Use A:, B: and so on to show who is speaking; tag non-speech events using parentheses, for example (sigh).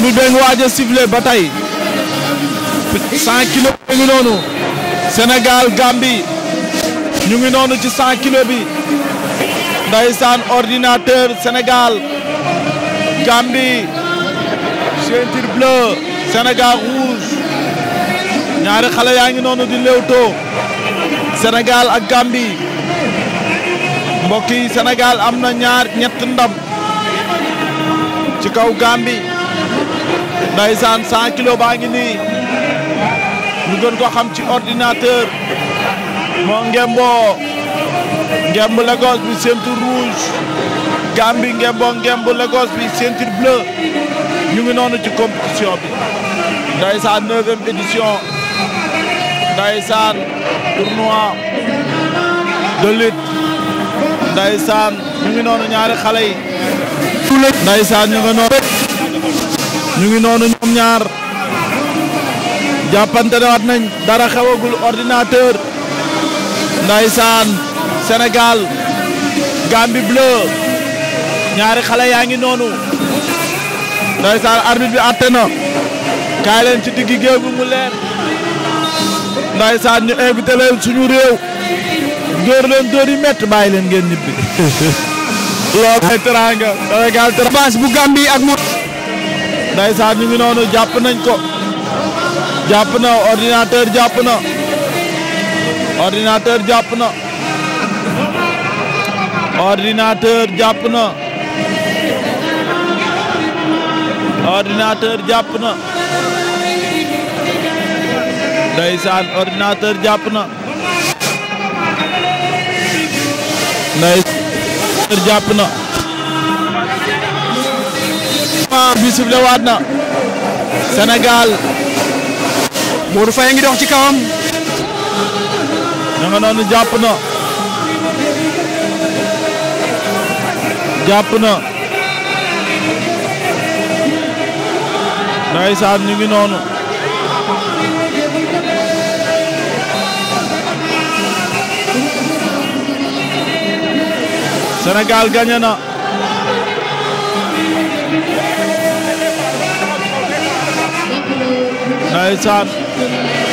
A: arbitre bi ngi waaj a sifflé ba tey cent kilos bi ñu ngi noonu ci cent kilos bi ndaysaan ordinateur Sénégal Gambie ceinture bleu Sénégal rouge ñaari xale yaa ngi noonu di léewtoo Sénégal ak Gambie mbokk yi Sénégal am na ñaar ñett ci kaw Gambie ndaysaan 100 kilos baa ngi nii ñu gën ko xam ci ordinateur moo ngemboo ngemb Lagos bi ceinture rouge Gambie ngemboo ngemb Lagos bi ceinture bleu ñu ngi noonu ci compétition bi ndaysaan neuvième édition ndaysaan tournoi de lutte ndaysaan ñu ngi noonu ñaari xale yi ndaysaan ñu ngi noonu ñu ngi noonu ñoom ñaar jàppante ne waat nañ dara xewagul ordinateur ndaysaan Sénégal Gambie bleu ñaari xale yaa ngi noonu ndaysaan arbitre bi àtte na kaay leen ci diggi géew bi mu leer ndaysaan ñu invité suñu réew dóor leen dóor yi métti bàyyi leen ngeen ñibbi (laughs) loolu mooy teranga Sénégal teranga bu Gambie ak ndeysaan ñu ngi noonu jàpp nañ ko jàpp na ordinateur jàpp na ordinateur jàpp na ordinateur jàpp na ordinateur jàpp na ndeysaan jàpp na jàpp na temps bi sifle waat na Sénégal Modou Faye ngi dox ci kawam na noonu jàpp na jàpp na ndeysaan ñu noonu Sénégal gagné ndeysaan